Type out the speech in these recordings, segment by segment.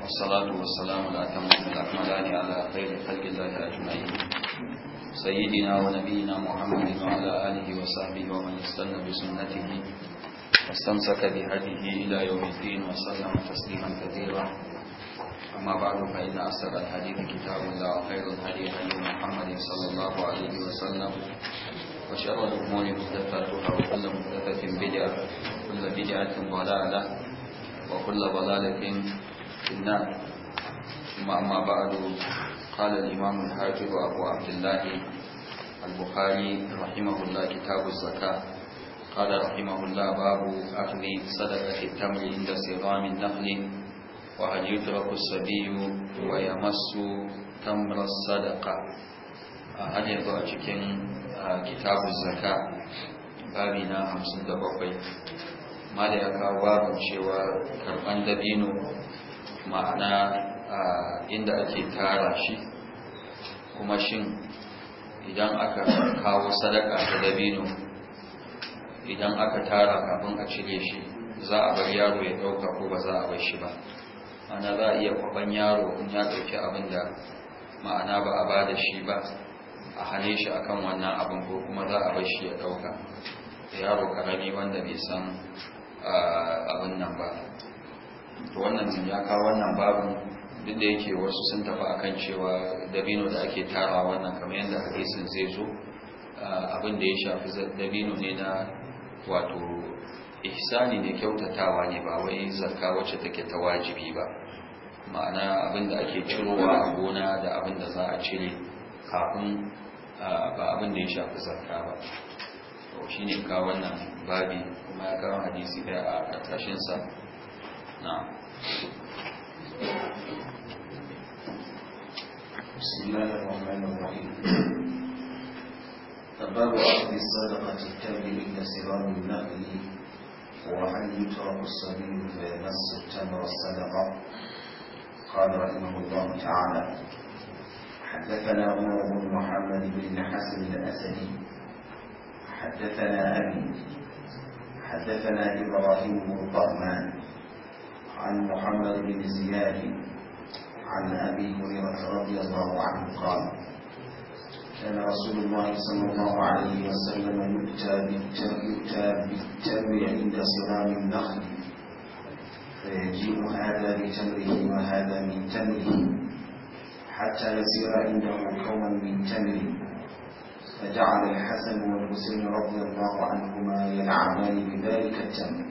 والصلاة والسلام على الأتمان الأكملان على خير خلق الله أجمعين سيدنا ونبينا محمد وعلى آله وصحبه ومن استنى بسنته واستمسك بهديه إلى يوم الدين وسلم تسليما كثيرا أما بعد فإن أصدق الحديث كتاب الله خير الهدي هدي محمد صلى الله عليه وسلم وشر الأمور محدثاتها وكل محدثة بدعة وكل بدعة ضلالة وكل ضلالة في النار ثم أما بعد قال الإمام الحاجب أبو عبد الله البخاري رحمه الله كتاب الزكاة قال رحمه الله باب أخذ صدقة التمر عند صغام النخل وهل يترك الصبي ويمس تمر الصدقة هل يضع cikin a kitabun zaka babi na hamsin da bakwai mala ya kawo babin cewa karban dabino ma'ana inda ake tara shi kuma shin idan aka kawo sadaka ta dabino idan aka tara kafin a cire shi za a bar yaro ya dauka ko ba za a bar shi ba ana za a iya kwaban yaro in ya dauki abin da ma'ana ba a ba da shi ba a hane shi akan wannan abin ko kuma za a bar shi ya dauka yaro karami wanda bai san abin nan ba to wannan ya kawo wannan babin duk da yake wasu sun tafi akan cewa dabino da ake tarawa wannan kamar yadda hadisin zai zo abin da ya shafi dabino ne na wato ihsani ne kyautatawa ne ba wai zakka wacce take ta wajibi ba ma'ana abin da ake cirowa a gona da abin da za a cire kafin ba abin da ya shafi zakka ba to shi ne ka wannan babi kuma ya kawo hadisi da a ƙarƙashinsa na فباب أخذ الصدقة التمر عند صغار النقل وهل يترك الصبي فيمس التمر الصدقة قال رحمه الله تعالى حدثنا عمر بن محمد بن حسن الأسدي حدثنا أبي حدثنا إبراهيم بن طهمان عن محمد بن زياد عن أبي هريرة رضي الله عنه قال كان رسول الله صلى الله عليه وسلم يؤتى بالتمر عند صرام النخل فيجيء هذا بتمره وهذا من تمره حتى يصير عنده قوما من تمر فجعل الحسن والحسين رضي الله عنهما يلعبان بذلك التمر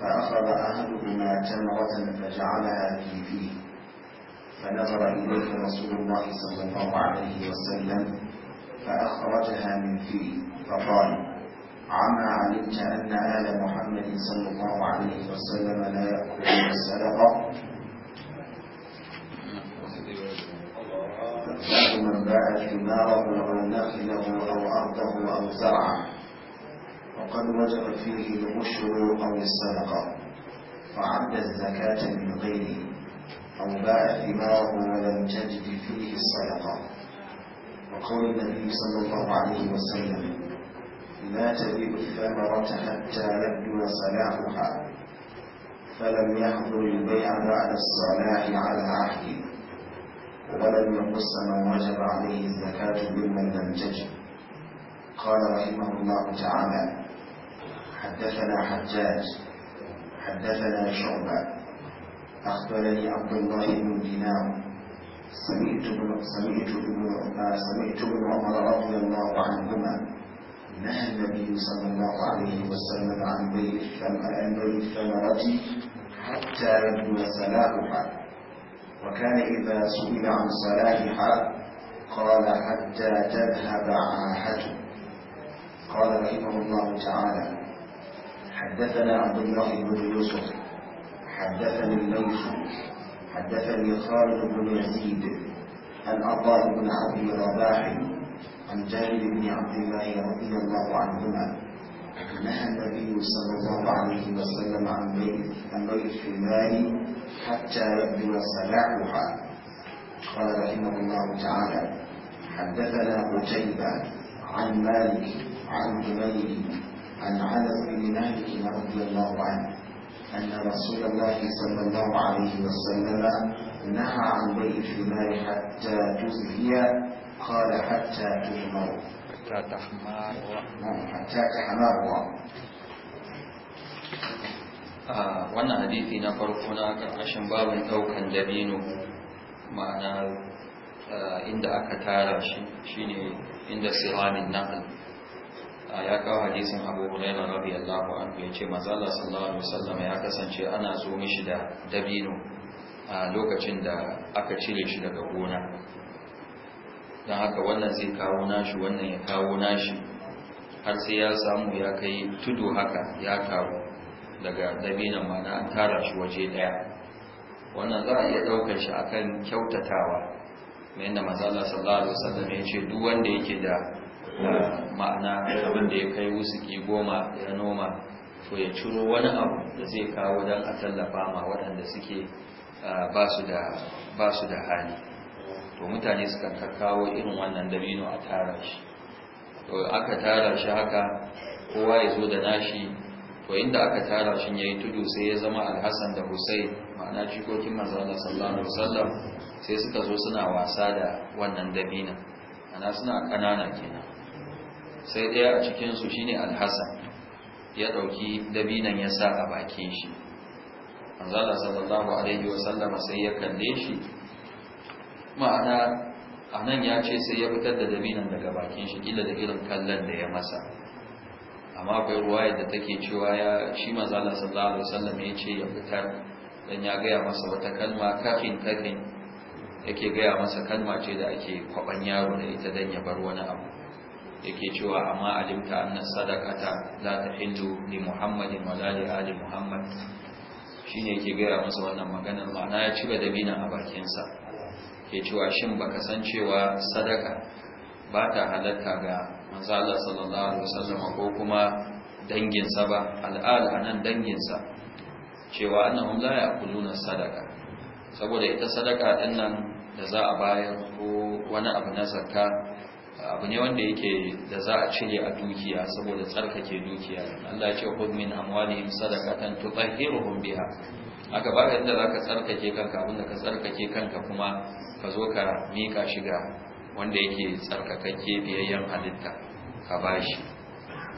فأخذ أحدهما تمرة فجعلها في فيه فنظر إليه رسول الله صلى الله عليه وسلم فأخرجها من فيه فقال عما علمت أن آل محمد صلى الله عليه وسلم لا يأكلون السلطة باعت ماره أو نخله أو أرضه أو زرعه وقد وجب فيه العشر أو الصدقة فعد الزكاة من غيره أو باع ثماره ولم تجد فيه الصدقة وقول النبي صلى الله عليه وسلم لا تبيع الثمرة حتى يبدو صلاحها فلم يحضر البيع بعد الصلاح على عهده ولم يقص من وجب عليه الزكاة ممن لم تجب قال رحمه الله تعالى حدثنا حجاج حدثنا شعبة أخبرني عبد الله بن دينار سمعت بن سمعت ابن سمعت بن عمر رضي الله عنهما نهى النبي صلى الله عليه وسلم عن بيع الثمرة حتى يبدو سلاحها وكان إذا سئل عن صلاحها قال حتى تذهب عاحته قال رحمه الله تعالى حدثنا عبد الله بن يوسف حدثني الليث حدثني خالد بن يزيد عن عطاء بن عبد الرباح عن جابر بن عبد الله رضي الله عنهما نهى النبي صلى الله عليه وسلم عن بيت في المال حتى يبدو صلاحها قال رحمه الله تعالى حدثنا قتيبة عن مالك عن حميد عن عدس بن مالك رضي الله عنه أن رسول الله صلى الله عليه وسلم نهى عن بيع الثمار حتى تزهي قال حتى تحمر حتى تحمر نعم، حتى تحمر wannan hadisi na farko na karkashin babin daukan dabino ma'ana inda aka tara shi shine inda siramin nahal ya kawo hadisin abu hulaira rabi allahu anhu ya ce mazala sallallahu alaihi wasallam ya kasance ana zo mishi da dabino a lokacin da aka cire shi daga gona don haka wannan zai kawo nashi wannan ya kawo nashi har sai ya samu ya kai tudu haka ya kawo daga dabinan mana an tara shi waje daya wannan za a iya daukar shi akan kyautatawa mai yadda mazala sallallahu alaihi wasallam ya ce duk wanda yake da ma'ana abin da ya kai wusuki goma ya noma to ya ciro wani abu da zai kawo dan a tallafa ma waɗanda suke ba su da hali to mutane suka kakkawo irin wannan dabino a tara shi to aka tara shi haka kowa ya zo da nashi to inda aka tara shi yayi tudu sai ya zama alhassan da husayn ma'ana jikokin manzo Allah sallallahu alaihi wasallam sai suka zo suna wasa da wannan dabina ana suna kanana kenan sai daya a cikin su shine alhassan ya dauki dabinan ya sa a bakin shi manzo Allah sallallahu alaihi wasallam sai ya kalle shi ma'ana anan ya ce sai ya fitar da dabinan daga bakin shi kila da irin kallon da ya masa amma akwai ruwaya da take cewa ya shi manzala sallallahu alaihi wasallam ya ce ya fitar dan ya gaya masa wata kalma kafin kafin yake gaya masa kalma ce da ake kwaban yaro da ita dan ya bar wani abu yake cewa amma alimta annas sadaqata la hindu li muhammadin wa la li ali muhammad shine yake gaya masa wannan maganar ma'ana ya cire da bina a bakin sa yake cewa shin baka san cewa sadaka ba ta halatta ga manzo Allah sallallahu alaihi wasallam ko kuma danginsa ba al'ada anan danginsa cewa annahum la yaquluna sadaka saboda ita sadaka din nan da za a bayar ko wani abu na zakka abu ne wanda yake da za a cire a dukiya saboda tsarkake dukiya Allah ya ce khudh min amwalihim sadaqatan tutahhiruhum biha aka ba yadda za ka tsarkake kanka abinda ka tsarkake kanka kuma ka zo ka miƙa shiga wanda yake tsarkakakke biyayyen halitta ka bashi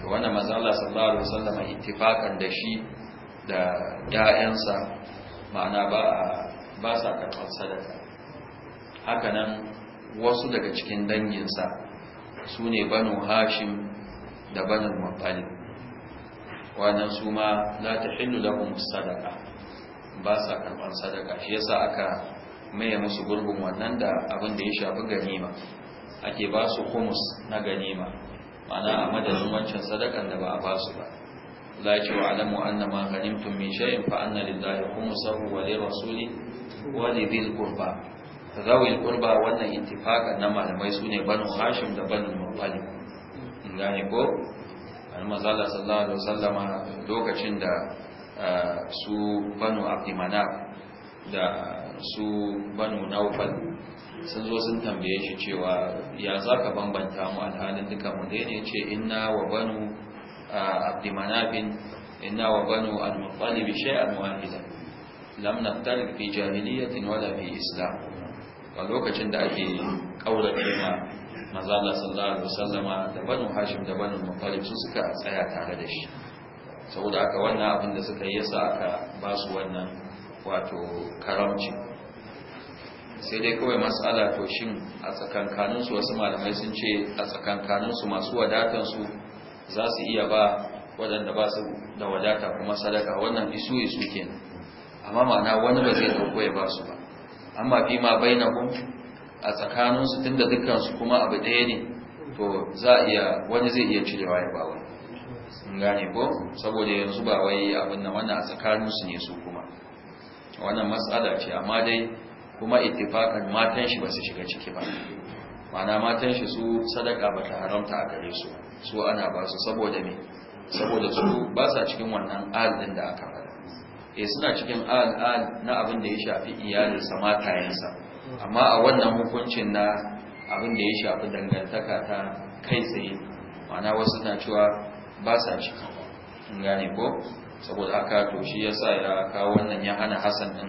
wannan manzo Allah sallallahu alaihi wasallam ittifakan da shi da ƴaƴansa ma'ana ba ba sa karɓar sadaka Haka nan wasu daga cikin danginsa su ne banu hashim da banu muttalib wannan su ma la da lahum sadaka ba sa karɓar sadaka shi yasa aka maye musu gurbin wannan da abin da ya shafi ganima ake ba su kumus na ganima ma'ana a madadin wancan sadakan da ba a ba su ba la ki wa alamu anna ma ghanimtum min shay'in fa anna lillahi khumsahu wa li rasuli wa li dhil qurba zawil qurba wannan ittifaqan na malamai sune banu hashim da banu muttalib gane ko annabi sallallahu alaihi wasallama lokacin eh, da su banu abdimanaf da su banu naufal sun zo sun tambaye shi cewa ya za ka bambanta mu alhalin duka mu ɗaya ne ce inna wa banu abdimanabin inna wa banu al-muttalibi shay'an wahida lam naftarik fi jahiliyatin wala fi islam a lokacin da ake kaura kima maza Allah sallallahu alaihi wasallama da banu hashim da banu muttalib su suka tsaya tare da shi saboda haka wannan abin da suka yi yasa aka ba su wannan wato karamci sai dai kawai matsala to shin a tsakankaninsu wasu malamai sun ce a tsakankaninsu masu wadatansu za su iya ba waɗanda ba su da wadata kuma sadaka wannan isu isu na. amma ma'ana wani ba zai dauko ya ba su ba amma fi ma bainahum a tsakaninsu tun da dukkansu kuma abu ɗaya ne to za a iya wani zai iya cirewa ya ba wani gane ko saboda yanzu ba wai abin nan wannan a tsakaninsu ne su kuma wannan matsala ce amma dai kuma ittifaqan matan shi ba su shiga ciki ba mana matan shi su sadaka ba ta haramta a gare su su ana ba su saboda me saboda su ba sa cikin wannan al din da aka fara eh suna cikin al al na abin da ya shafi iyalin iyalinsa matayensa amma a wannan hukuncin na abin da ya shafi dangantaka ta kai tsaye mana wasu na cewa ba sa cikin in gane ko saboda aka to shi yasa ya kawo wannan ya hana Hassan din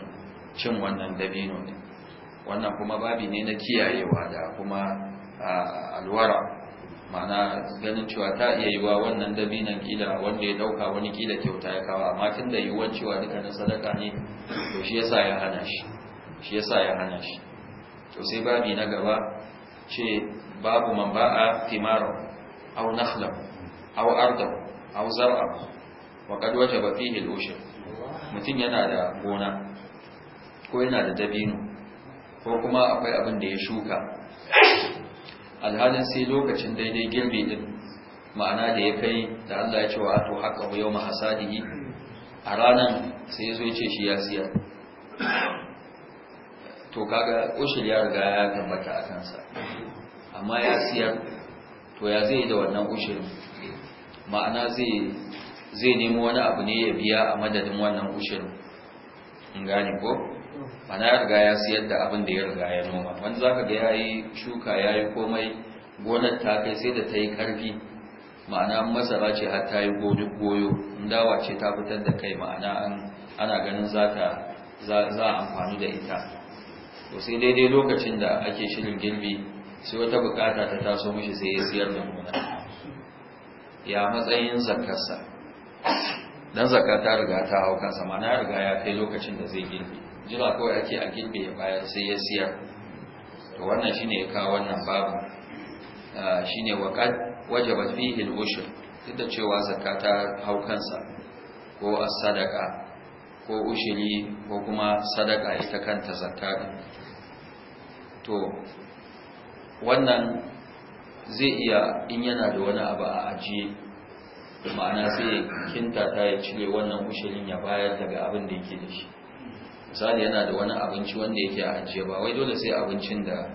cin wannan dabino ne wannan kuma babi ne na kiyayewa da kuma alwara mana ganin cewa ta iya yi wa wannan dabinan kila wanda ya dauka wani kila kyauta ya kawo amma tun da yiwuwar cewa duka na sadaka ne to shi yasa ya hana shi shi yasa ya hana shi to sai babi na gaba ce babu man ba'a timara aw nakhla aw arda aw zar'a wa qad wajaba fihi al-ushr mutum yana da gona ko yana da dabino ko kuma akwai abin da ya shuka alhalin sai lokacin daidai girbi din ma'ana da ya kai da Allah ya ce wa to haka yau mahasadihi a ranan sai ya zo ya ce shi ya siya to kaga ushul ya riga ya tabbata a kansa amma ya siyar to ya zai da wannan ushul ma'ana zai zai nemo wani abu ne ya biya a madadin wannan ushul in gane ko Mana ya riga ya siyar da abin da ya riga ya noma wanda za ka ga ya yi shuka ya yi komai gonar ta kai sai da ta yi karfi ma'ana masara ce har ta yi goyo dawa ce ta fitar da kai ma'ana ana ganin za a amfani da ita to sai daidai lokacin da ake shirin girbi sai wata bukata ta taso mishi sai ya siyar da gona ya matsayin zakarsa dan zakar ta riga ta hau kansa ma'ana ya riga ya kai lokacin da zai girbi jira kawai ake a gilbe bayan sai ya siyar to wannan shine ya kawo wannan babu ah, shine waqad wajaba fihi al-ushr duk cewa zakata haukansa ko as-sadaqa ko ushiri ko kuma sadaka ita kanta zakka to wannan zai iya in yana da wani abu a ajiye ma'ana sai kinta ta ya cire wannan ushirin ya bayar daga abin da yake da shi misali yana da wani abinci wanda yake a ajiye ba wai dole sai abincin da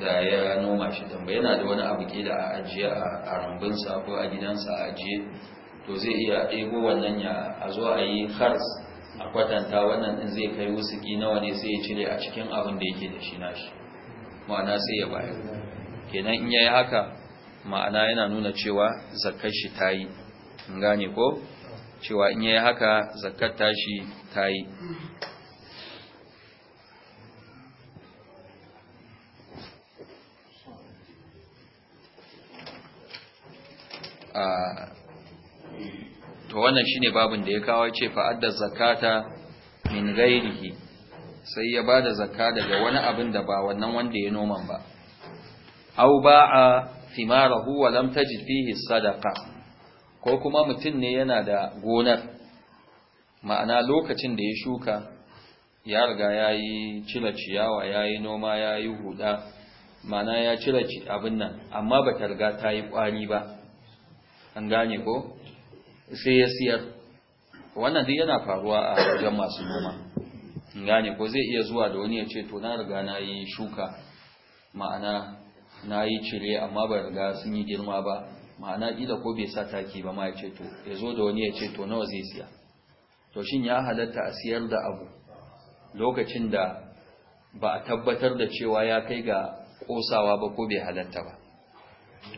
da ya noma shi dan ba yana da wani abu kila a ajiye a sa ko a gidansa a ajiye to zai iya ɗebo wannan ya a zo a yi hars a kwatanta wannan din zai kai wusuki nawa ne sai ya cire a cikin abin da yake da shi nashi ma'ana sai ya bayar kenan in yayi haka ma'ana yana nuna cewa zakkar shi tayi in gane ko cewa in yayi haka zakkar tashi tayi to wannan shine babin da ya kawo ce fa adda zakata min gairihi sai ya bada zakka daga wani abin da ba wannan wanda ya noman ba aw ba'a thimarahu wa lam tajid fihi sadaqa ko kuma mutum ne yana da gonar ma'ana lokacin da ya shuka ya riga yayi cire ciyawa yayi noma yayi huda ma'ana ya cire abin nan amma ba ta riga ta yi ƙwari ba an gane ko sai ya siyar wannan duk yana faruwa a wajen masu noma an gane ko zai iya zuwa da wani ya ce to na riga na yi shuka ma'ana na yi cire amma ba riga sun yi girma ba ma'ana ƙila ko bai sa taki ba ma ya ce to ya zo da wani ya ce to nawa zai siya to shin ya halatta a siyar da abu lokacin da ba a tabbatar da cewa ya kai ga ƙosawa ba ko bai halatta ba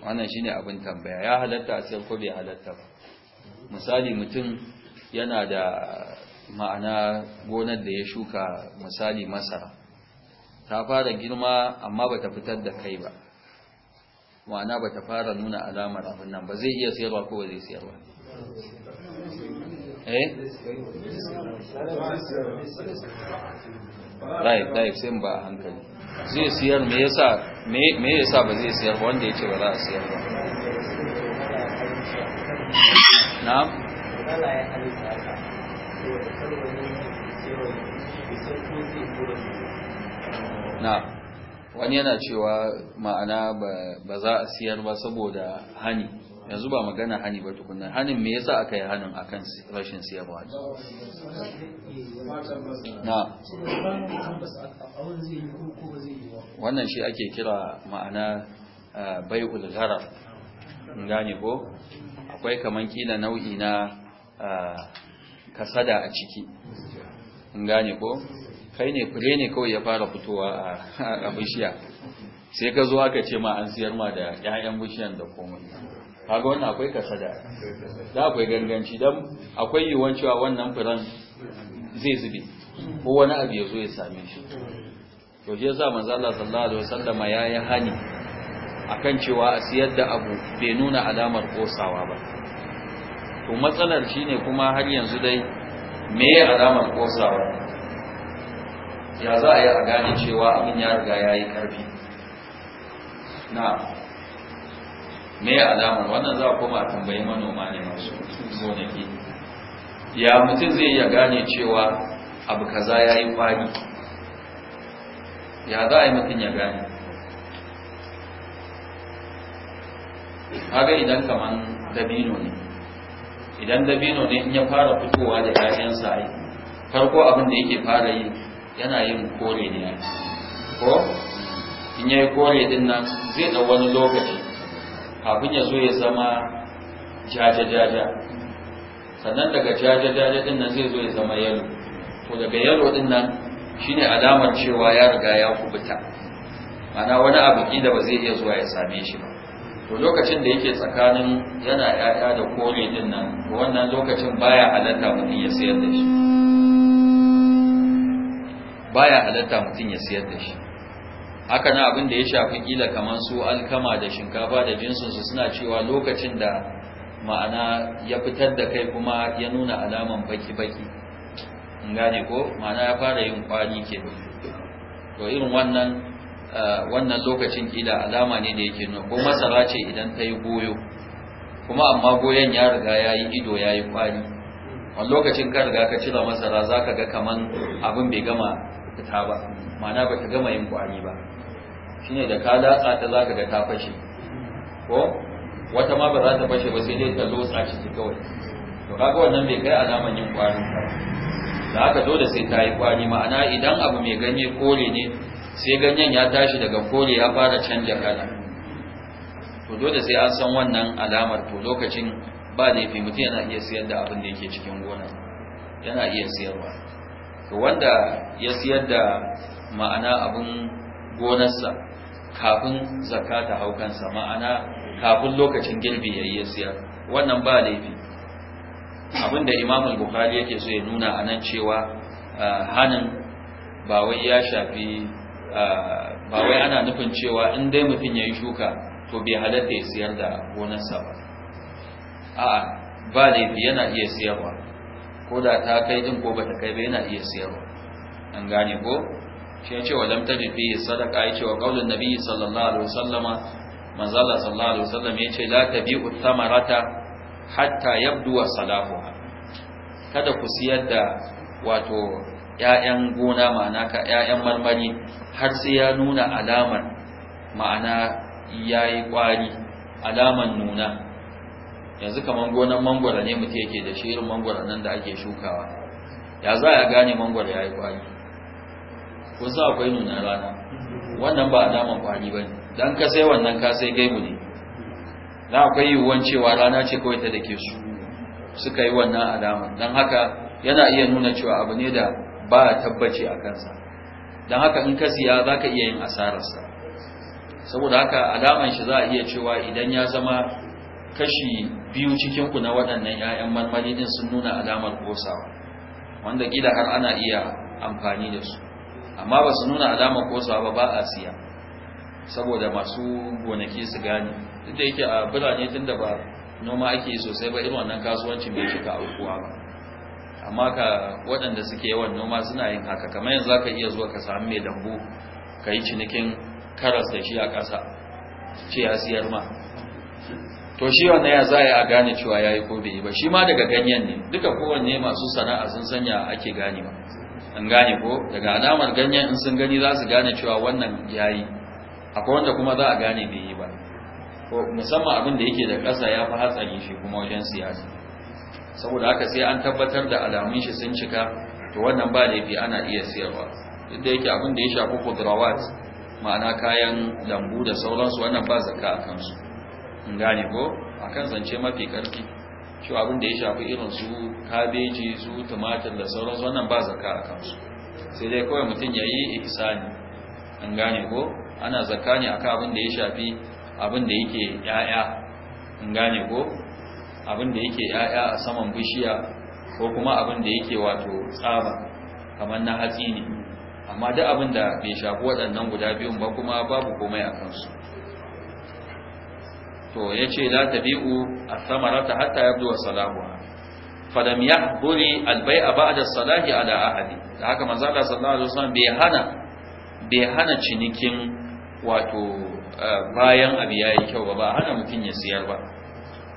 wannan shine abin tambaya ya halatta a sayar ko bai halatta ba misali mutum yana da ma'ana gonar da ya shuka misali masara ta fara girma amma bata fitar da kai ba ma'ana bata fara nuna alamar abin nan ba zai iya sayarwa ko ba zai sayarwa eh right right sai ba a hankali zai siyar me yasa me yasa ba zai siyar ba wanda yace ba za a siyar ba na'am na wani yana cewa ma'ana ba za a siyar ba saboda hani yanzu ba magana hani ba tukunna hanin me yasa aka yi hanin akan rashin siyarwa na wannan shi ake kira ma'ana bai'ul gharar gane ko akwai kaman kila nau'i na kasada a ciki gane ko kai ne fure ne kawai ya fara fitowa a bishiya sai ka zo aka ce ma an siyar ma da 'ya'yan bishiyan da komai kaga wannan akwai kasada da akwai ganganci don akwai yiwuwar cewa wannan firan zai zube ko wani abu ya zo ya same shi to je za manzo Allah sallallahu alaihi wasallama yi hani akan cewa a siyar da abu bai nuna alamar kosawa ba to matsalar shine kuma har yanzu dai me ya alamar kosawa ya za a yi a gane cewa abin ya riga ya yi karfi na'am me alamar wannan za a koma a tambayi manoma ne masu gonaki ya mutum zai ya gane cewa abu kaza ya yi kwari ya za a yi mutum ya gane haga idan kaman dabino ne idan dabino ne in ya fara fitowa da 'ya'yansa sa'ai farko abin da yake fara yi yana yin kore ne ko in yayi kore din nan zai da wani lokaci kafin ya zo ya zama jaja-jaja sannan daga jaja-jaja din nan zai zo ya zama yalo to daga yalo din nan shine alamar cewa ya riga ya kubuta ana wani abu da ba zai iya zuwa ya same shi ba to lokacin da yake tsakanin yana yaya da kore din nan wannan lokacin baya halatta mutum ya sayar da shi baya halatta mutum ya sayar da shi haka na abin da ya shafi kila kamar su alkama da shinkafa da jinsinsu suna cewa lokacin da ma'ana ya fitar da kai kuma ya nuna alaman baki-baki gane ko ma'ana ya fara yin kwani ke to irin wannan eh, wannan lokacin kila alama ne da yake nuna ko masara ce idan ta yi goyo kuma amma goyon ya riga ya yi ido ya yi kwani a lokacin ka riga ka cire masara za ka ga kaman abin bai gama fita ba ma'ana ba ta gama yin kwani ba shine da ka latsa ta zaka ga ta fashe ko wata ma ba za ta fashe ba sai dai ta lotsa ciki kawai to kaga wannan bai kai alaman yin ba. da haka dole sai ta yi kwari ma'ana idan abu mai ganye kore ne sai ganyen ya tashi daga kore ya fara canja kala to dole sai an san wannan alamar to lokacin ba laifi mutum yana iya siyar da abin da yake cikin gona yana iya siyarwa to wanda ya siyar da ma'ana abin gonarsa kafin zakka ta hau kansa ma'ana kafin lokacin girbi yayi ya siyar wannan ba laifi abinda Imam al-Bukhari yake so ya nuna anan cewa hanin ba wai ya shafi ba wai ana nufin cewa in dai mutum yayi shuka to bai halatta ya siyar da gonarsa ba a'a ba laifi yana iya siyarwa ko da ta kai din ko bata kai ba yana iya siyarwa an gane ko shi ya ce wa lam tajid fihi sadaqa ya ce wa qaulun nabiy sallallahu alaihi wasallama manzo Allah sallallahu alaihi wasallam ya ce la tabi'u thamarata hatta yabdu wa salahuha kada ku siyar da wato ƴaƴan gona ma'ana ka ƴaƴan marmari har sai ya nuna alamar ma'ana yayi kwari alamar nuna yanzu kaman gonan mangwara ne mutum yake da shirin mangwara nan da ake shukawa ya za a gane mangwara yayi kwari kun sa akwai nuna rana wannan ba alaman kwari ba ne don ka sai wannan ka sai gaimu ne na akwai yiwuwan cewa rana ce kawai ta da ke su suka yi wannan alaman don haka yana iya nuna cewa abu ne da ba tabbaci a kansa don haka in ka siya za ka iya yin asararsa saboda haka alaman shi za a iya cewa idan ya zama kashi biyu cikinku na waɗannan 'ya'yan marmari din sun nuna alamar kosawa wanda gida har ana iya amfani da su amma ba su nuna alama kosawa ba ba a siya saboda masu gonaki su gane duk da yake a birane tun da ba noma ake sosai ba irin wannan kasuwancin bai cika aukuwa ba amma ka waɗanda suke yawan noma suna yin haka kamar yanzu ka iya zuwa ka sami mai dambu ka yi cinikin karas da shi a ƙasa ce ya siyar ma to shi wannan ya za a gane cewa ya yi ko bai yi ba shi ma daga ganyen ne duka kowanne masu sana'a sun sanya ake gane ba an gane ko daga alamar ganyen in sun gani za su gane cewa wannan yayi akwai wanda kuma za a gane bai yi ba ko musamman abin da yake da ƙasa ya fi hatsari shi kuma wajen siyasa saboda haka sai an tabbatar da alamun shi sun cika to wannan ba laifi ana iya siyarwa duk da yake abin da ya shafi kudrawat ma'ana kayan lambu da sauransu wannan ba zakka a kansu in gane ko akan zance mafi ƙarfi shi abin da ya shafi irin su kabeji su tumatir da sauransu wannan ba zakka a kansu sai dai kawai mutum ya yi ihsani an gane ko ana zakka ne akan abin da ya shafi abin da yake ya'ya an gane ko abin da yake ya'ya a saman bishiya ko kuma abin da yake wato tsaba kamar na hatsi ne amma duk abin da bai shafi waɗannan guda biyun ba kuma babu komai a kansu to ce la tabi'u a thamarata hatta yabdu salamuha falam yahburi al-bai'a ba'da as-salahi ala ahadi haka manzo da sallallahu alaihi wasallam bai hana bai hana cinikin wato eh, bayan abu yayi kyau ba ba hana mutun ya siyar ba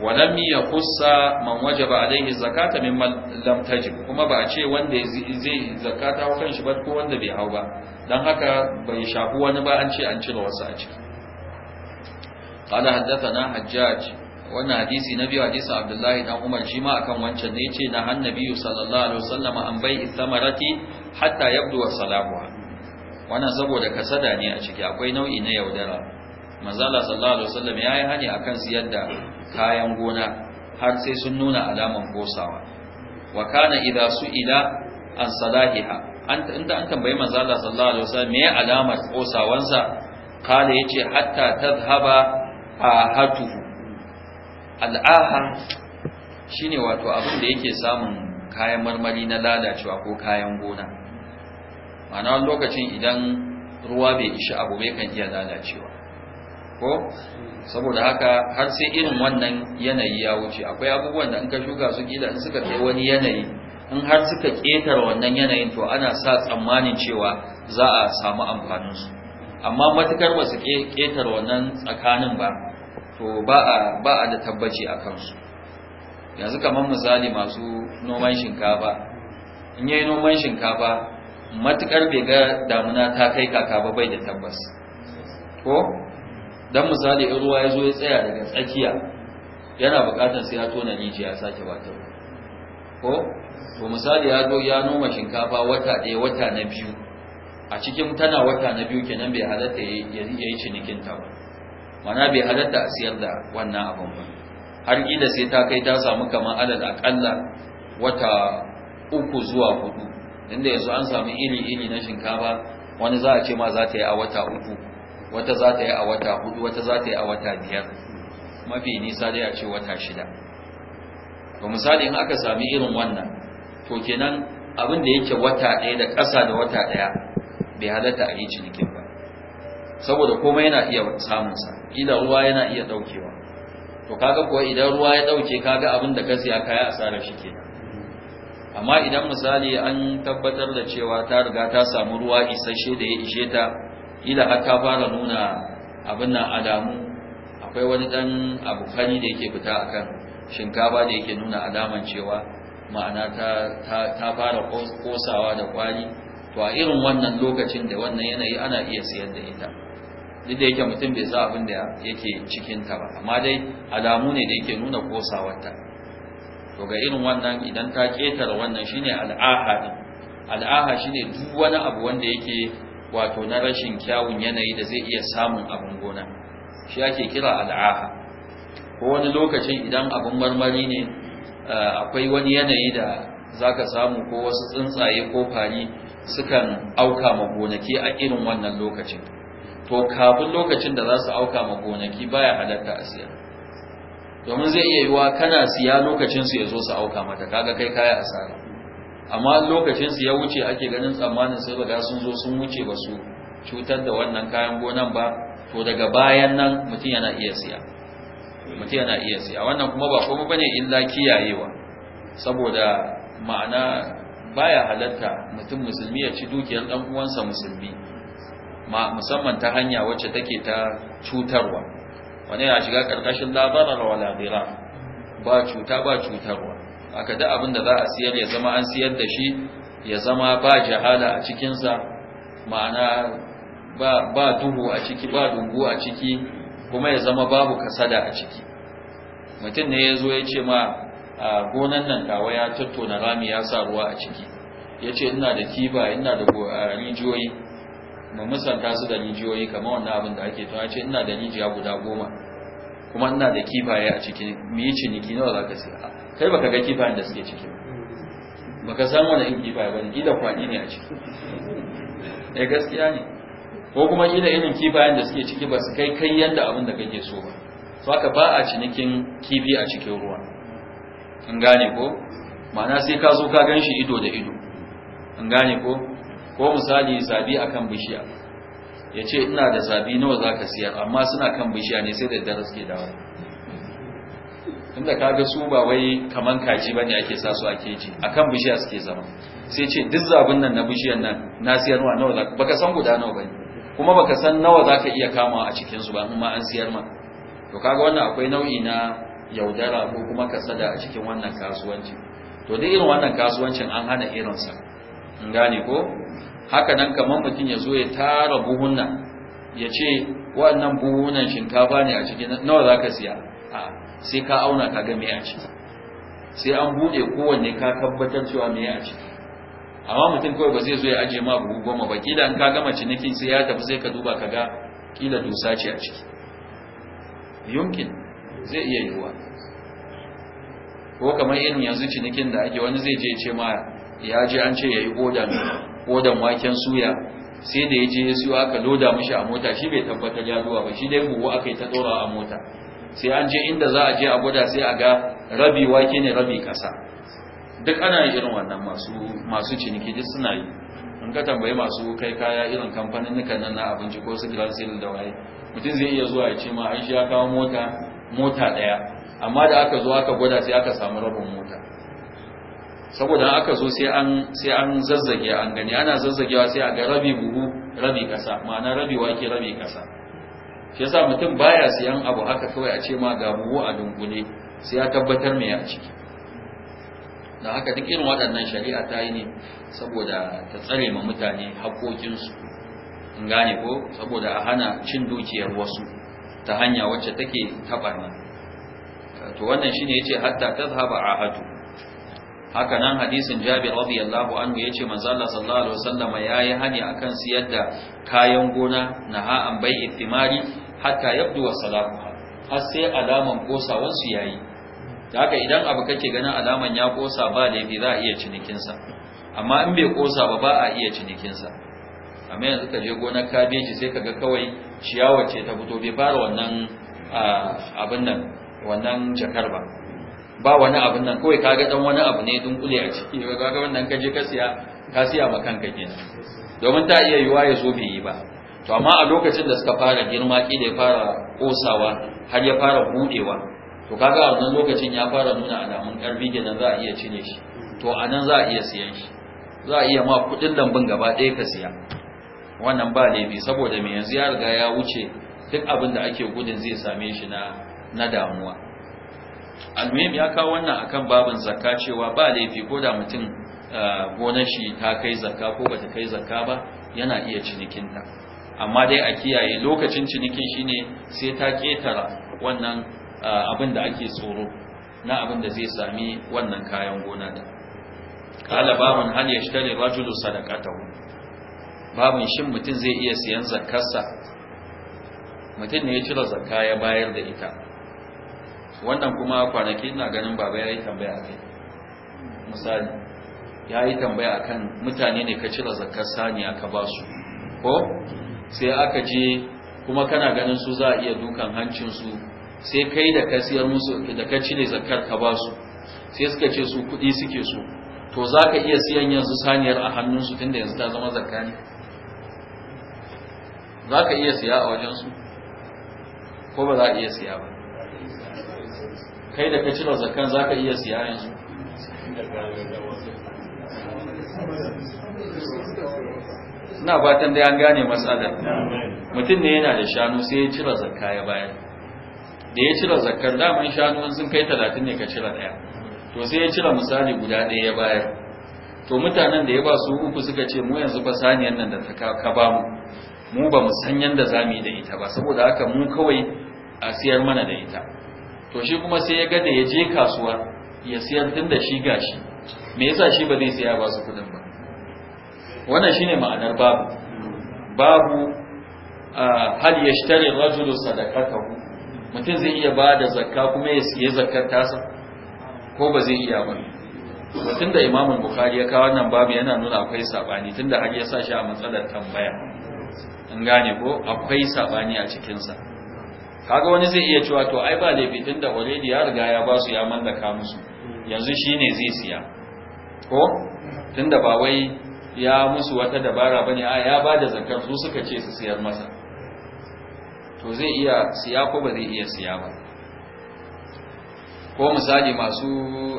walam yaqussa man wajaba alaihi zakata mimman lam tajib kuma ba a ce wanda zai zakata wa kanshi ba ko wanda bai hau ba dan haka bai shafi wani ba an ce an cire wasu a ciki قال حدثنا حجاج wannan hadisi na biyu hadisin Abdullahi dan Umar shi ma akan wancan ne yace na annabi sallallahu alaihi wasallam an bai samarati hatta yabdu salamuha wannan saboda kasada ne a ciki akwai nau'i na yaudara manzala sallallahu alaihi wasallam yayi hani akan siyar da kayan gona har sai sun nuna alaman kosawa wa kana idza su'ila an salahiha in an tambayi manzala sallallahu alaihi wasallam me alamar kosawansa kale yace hatta tadhhaba ahatuhu al'aha shine wato abin da yake samun kayan marmari na lalacewa ko kayan gona ma'ana lokacin idan ruwa bai ishi abu bai kan iya lalacewa ko saboda haka har sai irin wannan yanayi ya wuce akwai abubuwan da in ka shuka su gida in suka kai wani yanayi in har suka ƙetar wannan yanayin to ana sa tsammanin cewa za a samu amfaninsu amma matukar ba su ƙetar wannan tsakanin ba to ba a da tabbaci a kansu yanzu kamar misali masu noman shinkafa in yi noman shinkafa matukar bai ga damuna ta kai kaka ba bai da tabbas ko don misali in ruwa ya zo ya tsaya daga tsakiya yana bukatar sai ya tona rijiya ya sake ba ko to misali ya zo ya noma shinkafa wata ɗaya wata na biyu a cikin tana wata na biyu kenan bai halatta ya yi cinikin ta ba mana bai halatta a siyar da wannan abin ba har gida sai ta kai ta samu kamar alal akalla wata uku zuwa hudu inda yanzu an samu iri-iri na shinkafa wani za a ce ma za ta yi a wata uku wata za ta yi a wata hudu wata za ta yi a wata biyar mafi nisa dai a ce wata shida to misali in aka sami irin wannan to kenan abin da yake wata ɗaya da ƙasa da wata ɗaya bai halatta a yi cinikin ba saboda komai yana iya samunsa idan ruwa yana iya daukewa to kaga kuwa idan ruwa ya dauke kaga abin da ka siya kaya asara shi ke amma idan misali an tabbatar da cewa ta riga ta samu ruwa isasshe da ya ishe ta ila har ta fara nuna abin nan alamu akwai wani dan abu fari da yake fita akan shinkafa da yake nuna alaman cewa ma'ana ta ta fara kosawa da kwari to a irin wannan lokacin da wannan yanayi ana iya siyar da ita duk da yake mutum bai sa abin da yake cikin ta ba amma dai alamu ne da yake nuna kosawarta to ga irin wannan idan ta ketara wannan shine al'aha din al'aha shine duk wani abu wanda yake wato na rashin kyawun yanayi da zai iya samun abin gona shi ake kira al'aha ko wani lokacin idan abin marmari ne eh, akwai wani yanayi da zaka samu ko wasu tsuntsaye ko fari sukan auka ma gonaki a irin wannan lokacin to kafin lokacin da za su auka ma gonaki baya halatta a siya domin zai iya yiwa kana siya lokacin su ya zo su auka mata kaga kai kaya asara amma lokacin su ya wuce ake ganin tsammanin sai riga sun zo sun wuce ba su cutar da wannan kayan gonan ba to daga bayan nan mutum yana iya siya mutum yana iya siya wannan kuma ba komai bane illa kiyayewa saboda ma'ana baya halatta mutum musulmi ya ci dukiyar dan uwansa musulmi ma musamman ta hanya wacce take ta cutarwa wani ya shiga karkashin labarar wala dira ba cuta ba cutarwa aka da abin da za a siyar ya zama an siyar da shi ya zama ba jahala a cikinsa ma'ana ba duhu a ciki ba dungu a ciki kuma ya zama babu kasada a ciki mutum ne ya zo ya ce ma gonan nan tawa ya tattona rami ya sa ruwa a ciki ya ce ina da kiba ina da rijiyoyi mu musanta su da rijiyoyi kamar wannan abin da ake tuna ce ina da rijiya guda goma kuma ina da ya a ciki mu yi ciniki nawa za ka siya kai baka ga kiba da suke ciki baka san wani in kifaye ba ne da kwani ne a ciki eh gaskiya ne ko kuma kila irin kibayen da suke ciki ba su kai kai yanda abin da kake so ba to haka ba a cinikin kibi a cikin ruwa in gane ko ma'ana sai ka zo ka gan shi ido da ido in gane ko ko misali zabi akan bishiya ya ce ina da zabi nawa za ka siyar amma suna kan bishiya ne sai da daras suke dawo inda kaga su ba wai kaman kaji ba ne ake sa su a keji a kan bishiya suke zama sai ce duk zabin nan na bishiyar nan na siyar wa? nawa za baka san guda nawa ba ne kuma baka san nawa za ka iya kama a cikinsu ba in ma an siyar ma to kaga wannan akwai nau'i na yaudara ko kuma kasada a cikin wannan kasuwanci to dai irin wannan kasuwancin an hana irinsa in gane ko haka nan kamar mutum ya zo ya tara buhunna ya ce wannan buhunan shinkafa ne a cikin nawa za ka siya a sai ka auna ka ga me a ciki sai an buɗe kowanne ka tabbatar cewa me a ciki amma mutum kawai ba zai zo ya aje ma buhu goma ba kila in ka gama cinikin sai ya tafi sai ka duba ka ga kila dusa ce a ciki Yunkin. zai iya yiwuwa ko kamar irin yanzu cinikin da ake wani zai je ce ma ya je an ce ya yi odan waken suya sai da ya je ya siyo aka loda mashi a mota shi bai tabbatar ya zuwa ba shi dai buhu aka yi ta tsora a mota sai an je inda za a je a gwada sai a ga rabi wake ne rabi ƙasa duk ana irin wannan masu ciniki duk suna yi in ka tambayi masu kai kaya irin kamfanin nan na abinci ko su grand da waye mutum zai iya zuwa ya ce ma an shi ya kawo mota mota daya amma da aka zo aka gwada sai aka samu rabin mota saboda aka zo sai an sai an zazzage an gani ana zazzagewa sai a ga rabi buhu rabi kasa ma'ana rabi wake rabi kasa shi yasa mutum baya siyan abu haka kawai a ce ma ga buhu a dungune sai ya tabbatar mai a ciki da haka duk irin waɗannan shari'a ta yi ne saboda ta tsare ma mutane haƙoƙinsu in gane ko saboda a hana cin dukiyar wasu ta hanya wacce take tabarna to wannan shine yace hatta tazhaba ahadu haka nan hadisin Jabir radiyallahu anhu yace manzo Allah sallallahu alaihi ya yayi hani akan siyar da kayan gona na an bai ittimari hatta yabdu wasalamu har sai alaman kosawar su yayi haka idan abu kake ganin alaman ya kosa ba laifi za a iya cinikin sa amma in bai kosa ba ba a iya cinikin sa amma yanzu ka je gonar kabeji sai kaga kawai ciyawar ce ta fito bai fara wannan abin nan wannan jakar ba ba wani abin nan kawai kaga dan wani abu ne dunkule a ciki kaga wannan kaje ka siya ka siya ma kanka kenan domin ta iya yiwa ya zo bai yi ba to amma a lokacin da suka fara girma da ya fara kosawa har ya fara budewa to kaga a wannan lokacin ya fara nuna alamun karfi kenan za a iya cire shi to anan za a iya siyan shi za a iya ma kudin lambun gaba ɗaya ka siya wannan ba laifi saboda mai yanzu ya riga ya wuce duk abin da ake gudun zai same shi na damuwa almuhim ya kawo wannan akan babin zakka cewa ba laifi ko da mutum gonar shi ta kai zakka ko bata kai zakka ba yana iya cinikinta amma dai a kiyaye lokacin cinikin shine sai ta ketara wannan abin da ake tsoro na abin da zai sami wannan kayan gona da kala babin hal yashtari rajulu sadaqatahu babin shin mutum zai iya siyan zakarsa mutum ne ya cire zakka ya bayar da ita wannan kuma kwanaki ina ganin baba ya yi tambaya kai misali ya yi tambaya akan mutane ne ka cire zakkar saniya ka ba su ko sai aka je kuma kana ganin su za a iya dukan hancinsu sai kai da ka siyar musu da ka cire zakkar ka ba su sai suka ce su kuɗi suke so to za ka iya siyan yanzu saniyar a hannunsu tunda yanzu ta zama zakka ne za ka iya siya a wajensu ko ba za a iya siya ba kai da ka cire zakan za ka iya siya yanzu na fatan da an gane matsalar mutum ne yana da shanu sai ya cire zakka ya bayar da ya cire zakkar daman shanu sun kai talatin ne ka cire ɗaya to sai ya cire misali guda ɗaya ya bayar to mutanen da ya ba su uku suka ce mu yanzu fa saniyan nan da ta ka ba mu mu ba mu san yanda za mu yi da ita ba saboda haka mu kawai a siyar mana da ita to shi kuma sai ya gada ya je kasuwa ya siyar din da shi gashi me yasa shi ba zai siya ba su kudin ba wannan shine ma'anar babu babu hal yashtari rajul sadaqatahu mutum zai iya ba da zakka kuma ya siye zakkar tasa ko ba zai iya ba tun da imamun bukari ya kawo wannan babu yana nuna akwai sabani tun da har ya sa shi a matsalar tambaya in gane ko akwai sabani a cikinsa kaga wani zai iya cewa to ai ba laifi tun da already ya riga ya ba su ya mallaka musu yanzu shine zai siya ko tun da ba wai ya musu wata dabara bane a ya bada da zakar su suka ce su siyar masa to zai iya siya ko ba zai iya siya ba ko misali masu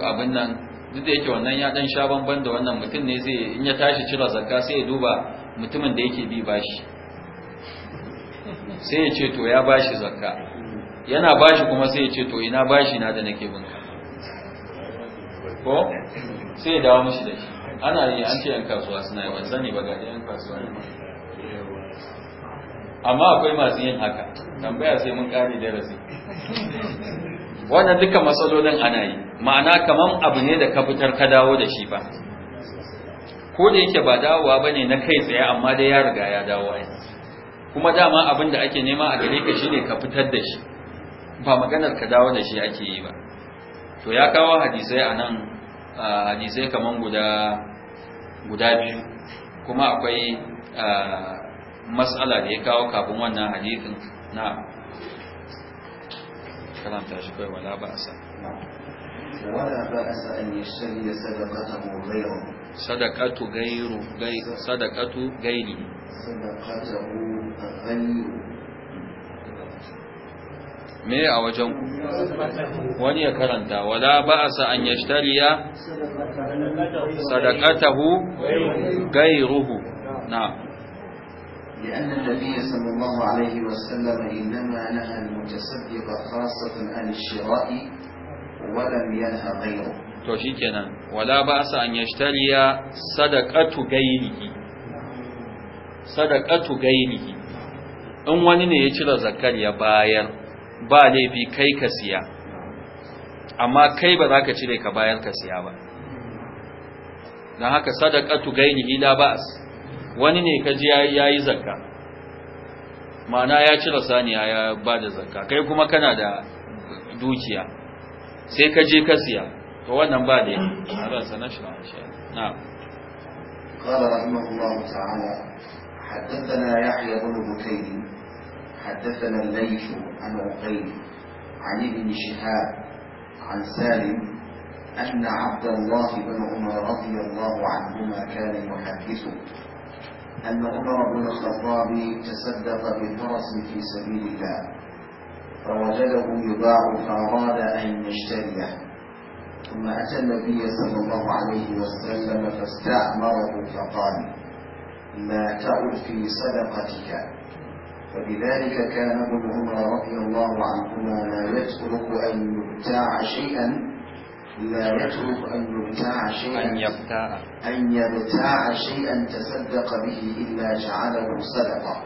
abin nan duk da yake wannan ya dan sha bamban da wannan mutum ne zai in ya tashi cira zakka sai ya duba mutumin da yake bi bashi sai ya ce to ya bashi zakka yana bashi kuma sai ya ce to ina bashi na da nake binka ko sai ya dawo mishi da shi ana yi an ce yan kasuwa suna yi ban sani ba ga yan kasuwa ne amma akwai masu yin haka tambaya sai mun kare darasi wannan dukkan matsalolin ana yi ma'ana kaman abu ne da ka fitar ka dawo da shi ba ko da yake ba dawowa bane na kai tsaye amma dai ya riga ya dawo a yanzu. kuma dama abin da ake nema a gare ka shine ka fitar da shi ba maganar ka dawo da shi ake yi ba to ya kawo hadisai nan hadisai kaman guda guda biyu kuma akwai matsala da ya kawo kafin wannan hadisin na karanta shi kai wala ba asa wala ba asa an yashri sadaqatahu ghayruhu sadaqatu gairu gairu sadaqatu gairi me a wajen ku wani ya karanta wala ba'sa an yashtariya sadaqatahu gairuhu na لأن النبي صلى الله عليه وسلم إنما نهى المتصدق خاصة عن الشراء ولم ينهى غيره to shi kenan, wala ba sa an yashtariya sadaqatu gairihi sadaqatu gairihi in wani ne ya cire zakar ya bayar ba laifi kai ka siya amma kai ba za ka cire ka bayar ka siya ba don haka sadaqatu gairihi la ba'as wani ne ka ji yayi zakka ma'ana ya cire saniya ya ba da zakka kai kuma kana da dukiya sai ka je ka siya فوانا مبادئ خلاص نشرع ان شاء الله نعم قال رحمه الله تعالى حدثنا يحيى بن بكير حدثنا الليث عن عقيل عن ابن شهاب عن سالم ان عبد الله بن عمر رضي الله عنهما كان يحدثه ان عمر بن الخطاب تصدق بفرس في سبيل الله فوجده يباع فاراد ان يشتريه ثم أتى النبي صلى الله عليه وسلم فاستأمره فقال ما تعد في صدقتك فبذلك كان ابن عمر رضي الله عنهما لا يترك أن يبتاع شيئا لا يترك أن يبتاع شيئا أن يبتاع أن يبتاع شيئا تصدق به إلا جعله صدقة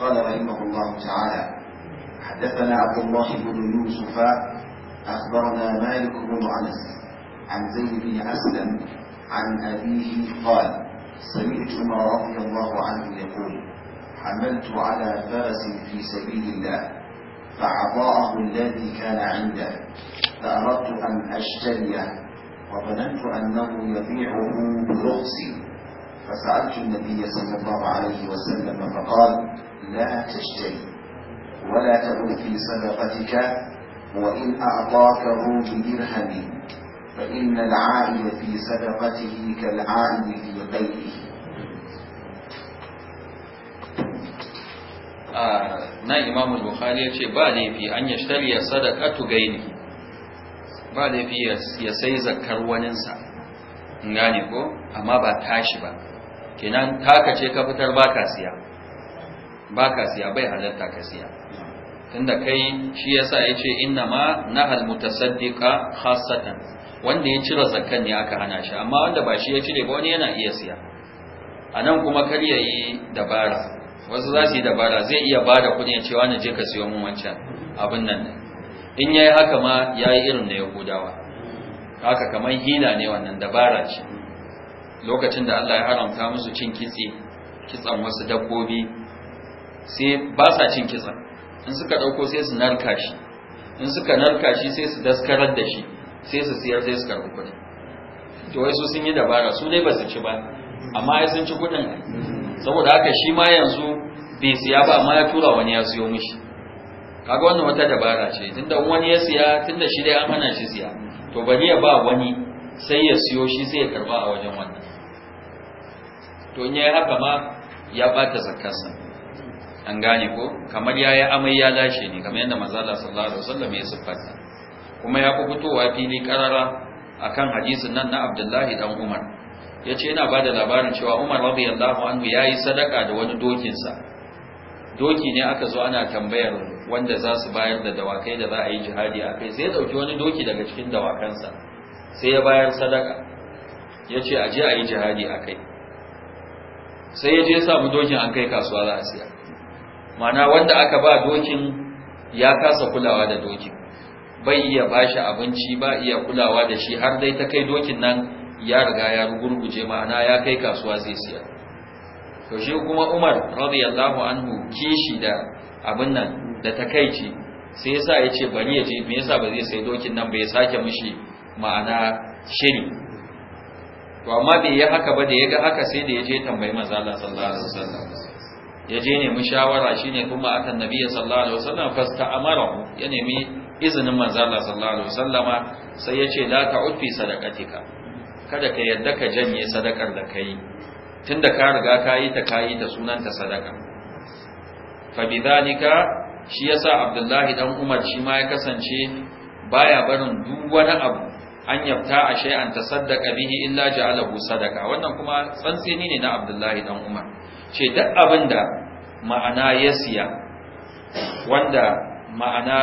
قال رحمه الله تعالى حدثنا عبد الله بن يوسف أخبرنا مالك بن أنس عن زيد بن أسلم عن أبيه قال سمعت عمر رضي الله عنه يقول حملت على فرس في سبيل الله فعطاه الذي كان عنده فأردت أن أشتريه وظننت أنه يبيعه برخص فسألت النبي صلى الله عليه وسلم فقال لا تشتري ولا تقل في صدقتك وإن أعطاكه بدرهم فإن العائل في صدقته كالعائل في غيره na imamu bukhari ya ce ba laifi an ya shariya sadakatu gaini ba laifi ya sai zakar waninsa gane ko amma ba tashi ba kenan taka ce ka fitar ba ka siya ba siya bai halarta ka siya tunda kai shi yasa yace inna ma nahal mutasaddiqa khassatan wanda ya cire zakkan ne aka hana shi amma wanda ba shi ya cire ba wani yana iya siya anan kuma kar yi dabara wasu za su yi dabara zai iya bada kuɗin ya ce wani je ka siyo mu wancan abin nan ne in yayi haka ma yayi irin na yahudawa haka kamar hila ne wannan dabara ce lokacin da Allah ya haramta musu cin kitse kitsan wasu dabbobi sai ba sa cin kitsan in suka ɗauko sai su narka shi in suka narka shi sai su daskarar da shi sai su siyar sai su karɓi kuɗi to wai su sun yi dabara su dai ba su ci ba amma ai sun ci kuɗin saboda haka shi ma yanzu bai siya ba amma ya tura wani ya siyo mishi kaga wannan wata dabara ce tunda wani ya siya tunda shi dai an hana shi siya to bari ya ba wani sai ya siyo shi sai ya karba a wajen wannan to in yayi haka ma ya bata zakkarsa an gane ko kamar ya yi amai ya lashe ne kamar yadda mazala sallallahu alaihi wasallam ya siffata kuma ya ku fitowa fili karara akan hadisin nan na Abdullahi dan Umar yace yana bada labarin cewa Umar radiyallahu anhu ya yi sadaka da wani dokin sa doki ne aka zo ana tambayar wanda za su bayar da dawakai da za a yi jihadi a kai sai ya dauki wani doki daga cikin dawakansa sai ya bayar sadaka yace ce a yi jihadi a kai sai ya je ya samu dokin an kai kasuwa za a siya mana wanda aka ba dokin ya kasa kulawa da dokin bai iya bashi abinci ba iya kulawa da shi har dai ta kai dokin nan ya riga ya rugurguje ma'ana ya kai kasuwa zai siya to shi kuma Umar radiyallahu anhu kishi da abin nan da takaici sai yasa yace bari ya je me yasa ba zai sai dokin nan ba ya sake mishi ma'ana shiri to amma bai yi haka ba da ya ga haka sai da ya je tambayi manzo Allah sallallahu alaihi wasallam ya je nemi shawara shine kuma akan nabiyyi sallallahu alaihi wasallam fasta'amara ya nemi izinin manzon Allah sallallahu alaihi wasallama sai ya ce la ta'ud fi sadaqatika kada ka yadda ka janye sadakar da kai tunda ka riga ka yi ta kayi ta sunanta sadaka fa bidhalika shi yasa Abdullahi dan Umar shi ma ya kasance baya barin duk wani abu an yabta a shay'an tasaddaqa bihi illa ja'alahu sadaka wannan kuma tsantseni ne na Abdullahi dan Umar ce duk abin da ma'ana ya siya wanda ma'ana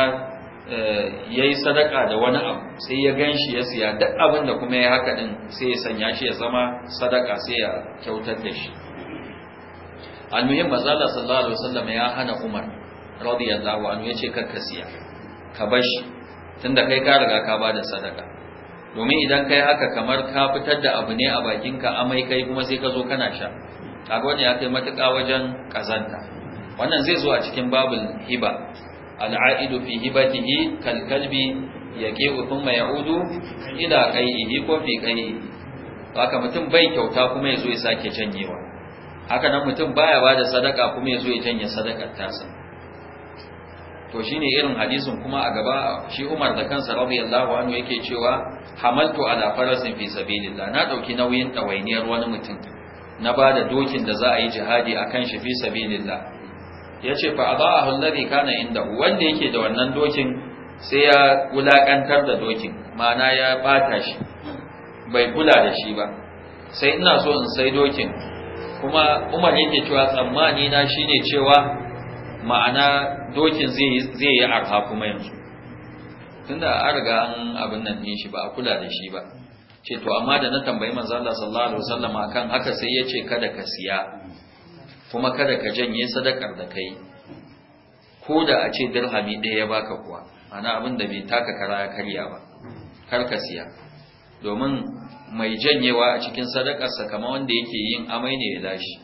eh, ya yi sadaka da wani abu sai ya gan shi ya siya duk abin da kuma ya haka din sai ya sanya shi ya zama sadaka sai ya kyautar da shi almuhim mazala sallallahu alaihi wasallam ya hana umar radiyallahu anhu ya ce kar ka siya ka bar shi tunda kai ka riga ka bada sadaka domin idan kai haka kamar ka fitar da abu ne a bakinka amai kai kuma sai ka zo kana sha kaga wannan ya kai matuƙa wajen kazanta wannan zai zo a cikin babul hiba al'aidu fi hibatihi kal kalbi yaqiu thumma ya'udu ila kaihi ko fi kaihi haka mutum bai kyauta kuma yazo ya sake janyewa haka nan mutum baya bada sadaka kuma yazo ya janye sadakar tasa to shine irin hadisin kuma a gaba shi Umar da kansa radiyallahu anhu yake cewa hamaltu ala farasin fi sabilillah na dauki nauyin dawainiyar wani mutum na bada dokin da za a yi jihadi a kan shi fi lilla ya ce fa abahu alladhi kana inda wanda yake da wannan dokin sai ya wulakantar da dokin ma'ana ya bata shi bai kula da shi ba sai ina so in sai dokin kuma Umar yake cewa tsammani na shine cewa ma'ana dokin zai yi arha kuma yanzu tunda an riga an abin nan ne shi ba a kula da shi ba ce to amma da na tambayi manzo Allah sallallahu alaihi wasallam akan haka sai yace kada ka siya kuma kada ka janye sadakar da kai ko da a ce dirhami ɗaya ya baka kuwa ana abin da bai taka kara ya karya ba kar ka siya domin mai janyewa a cikin sadakarsa kamar wanda yake yin amai ne ya lashi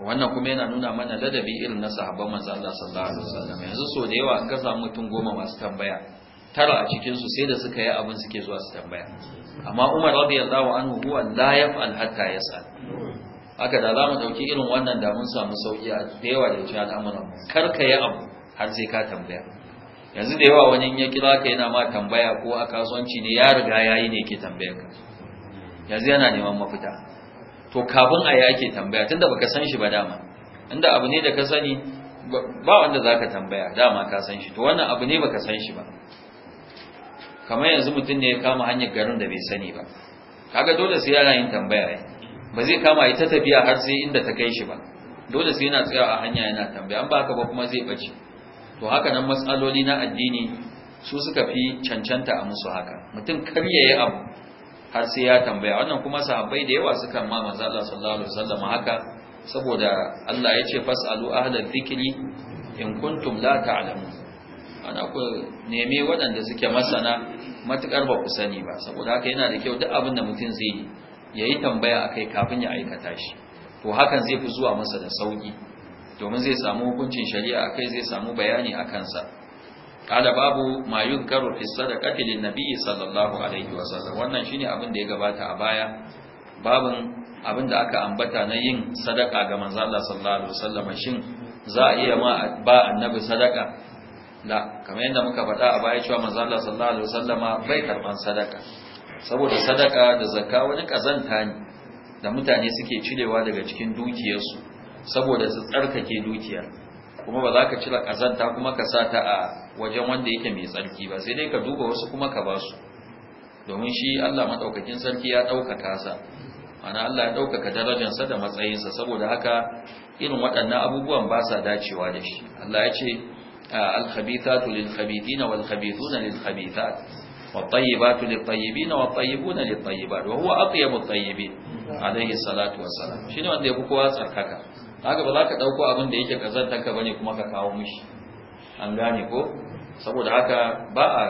wannan kuma yana nuna mana ladabi irin na sahabban manzo Allah sallallahu alaihi wasallam yanzu so da yawa an ga samu mutum goma masu tambaya tara a cikinsu sai da suka yi abin suke zuwa su tambaya amma umar radiyallahu anhu huwa la yaf'al hatta yas'al haka da zamu dauki irin wannan da mun samu sauki a dayawa yawa da cikin al'amuran kar ka yi abu har sai ka tambaya yanzu da yawa wani ya kira ka yana ma tambaya ko a kasuwanci ne ya riga yayi ne ke tambayar ka yanzu yana neman mafita to kafin a yi ake tambaya tunda baka san shi ba dama inda abu ne da ka sani ba wanda zaka tambaya dama ka san shi to wannan abu ne baka san shi ba kamar yanzu mutum ne ya kama hanyar garin da bai sani ba kaga dole sai yana yin tambaya ne ba zai kama ita tafiya har sai inda ta kai shi ba dole sai yana tsaya a hanya yana tambaya an ba haka ba kuma zai bace to haka nan matsaloli na addini su suka fi cancanta a musu haka mutum kar yi abu har sai ya tambaya wannan kuma sahabbai da yawa suka ma manzo Allah sallallahu alaihi wasallam haka saboda Allah ya ce fasalu ahla dhikri in kuntum la ta'lamun ana ku neme waɗanda suke masana matukar ba ku sani ba saboda haka yana da kyau duk abin da mutum zai yi ya yi tambaya a kai kafin ya aikata shi to hakan zai fi zuwa masa da sauƙi domin zai samu hukuncin shari'a a kai zai samu bayani a kansa Kada babu ma yun karo fi sadaqati lin nabiyyi sallallahu alaihi wasallam wannan shine abin da ya gabata a baya babin abin da aka ambata na yin sadaka ga manzo Allah sallallahu alaihi wasallam shin za a iya ma ba annabi sadaka Da kamar yadda muka faɗa a baya cewa manzo Allah sallallahu alaihi wasallama bai karban sadaka saboda sadaka da zakka wani kazanta ne da mutane suke cirewa daga cikin dukiyarsu saboda su tsarkake dukiyar kuma ba za ka cire kazanta kuma ka sa ta a wajen wanda yake mai tsarki ba sai dai ka duba wasu kuma ka ba su domin shi Allah madaukakin sarki ya ɗaukaka sa ana Allah ya ɗaukaka darajarsa da matsayinsa saboda haka irin waɗannan abubuwan ba sa dacewa da shi Allah ya ce الخبيثات للخبيثين والخبيثون للخبيثات والطيبات للطيبين والطيبون للطيبات وهو أطيب الطيبين عليه الصلاة والسلام شنو wanda yafi kowa tsarkaka haka ba za ka dauko abin da yake kazantanka bane kuma ka kawo mishi an gane ko saboda haka ba a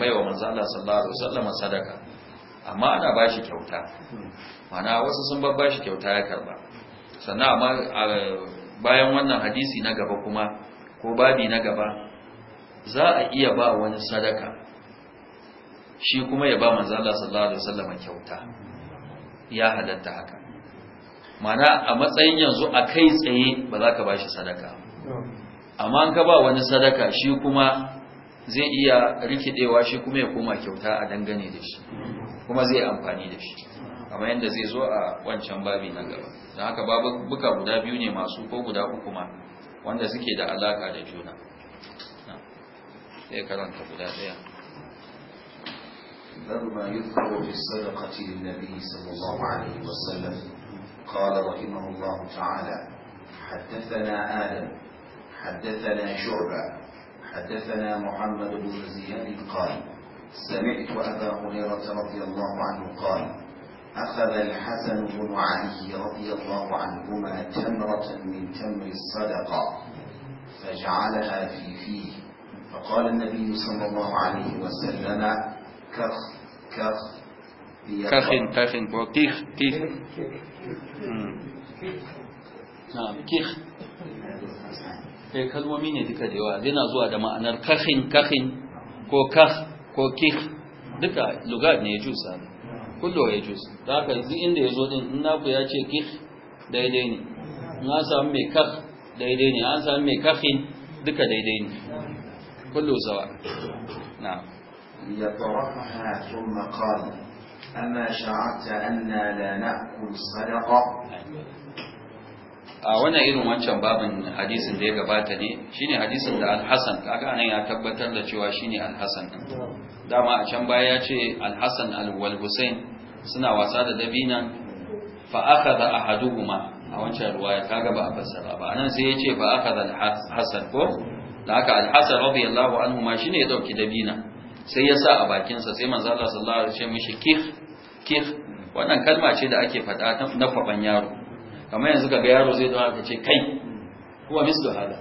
baiwa manzo Allah sallallahu alaihi wasallam sadaka amma ana bashi kyauta mana wasu sun bashi kyauta ya karba sannan amma bayan wannan hadisi na gaba kuma ko babi na gaba za a iya ba wani sadaka shi kuma ya ba manzala sallallahu alaihi wasallam kyauta ya halatta haka mana a matsayin yanzu a kai tsaye ba za ka ba shi sadaka amma an ka ba wani sadaka shi kuma zai iya rikidewa shi kuma ya koma kyauta a dangane da shi kuma zai amfani da shi amma yadda zai zo a wancan babi na gaba don haka babu buka guda biyu ne masu ko guda uku ma wanda suke da alaka da juna sai karanta guda daya باب يذكر في الصدقة للنبي صلى الله عليه وسلم قال رحمه الله تعالى حدثنا آدم حدثنا شعبة حدثنا محمد بن زياد قال سمعت أبا هريرة رضي الله عنه قال أخذ الحسن بن علي رضي الله عنهما تمرة من تمر الصدقة فجعلها في فيه فقال النبي صلى الله عليه وسلم كخ كخ كخ كخ كخ كيخ نعم كيخ إيه، كخ كخ كخ كخ كخ كخ كخ كخ كخ كخ كخ كخ كخ كخ كخ كخ كخ كخ كخ kullu ya juz da haka yanzu inda ya zo din in naku ya ce kih daidai ne in an samu mai kakh daidai ne an samu mai kakhin duka daidai ne kullu sawa na يطرحها ثم قال أما شعرت أنا لا نأكل صدقة a wannan irin wancan babin hadisin da ya gabata ne shine hadisin da al-Hasan kaga anan ya tabbatar da cewa shine al-Hasan din dama a can baya ya ce alhassan alwal hussein suna wasa da dabinan fa a da ahaduhuma a wancan ruwaya kaga ba a fassara ba nan sai ya ce fa da alhassan ko da haka alhassan radiyallahu anhu ma shine ya dauki dabina sai ya sa a bakinsa sai manzo Allah sallallahu alaihi wasallam ya ce kih wannan kalma ce da ake faɗa na kwaban yaro kamar yanzu kaga yaro zai dawo ka ce kai kuwa da hada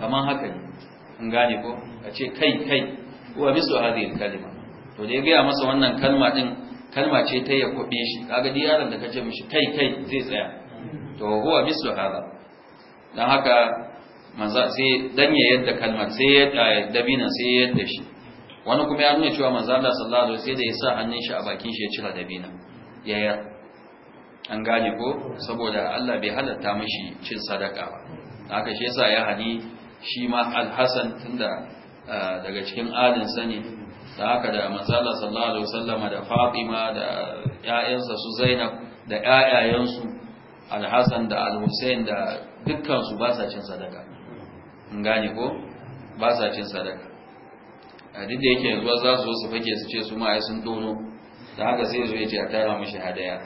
kamar haka ne in gane ko ka ce kai kai wa bisu hadhihi kalima to da ya gaya masa wannan kalma din kalma ce ta ya kuɓe shi kaga di yaron da kace mishi kai kai zai tsaya to huwa bisu hada dan haka manza sai dan ya yadda kalmar sai ya dabina sai ya yadda shi wani kuma ya nuna cewa manzo Allah sallallahu alaihi wasallam sai da ya sa hannun shi a bakin shi ya cira dabina ya yar an gane ko saboda Allah bai halatta mishi cin sadaka ba haka shi yasa ya hani shi ma al-Hasan tunda daga cikin adin ne da haka da matsala sallallahu alaihi wasallama da Fatima da ƴaƴansa su Zainab da ƴaƴayensu Al-Hasan da Al-Hussein da dukkan su ba sa cin sadaka in gane ko ba sa cin sadaka a duk da yake yanzu za su zo su fake su ce su ma ai sun dono da haka sai zo ya ce a tara mishi hadaya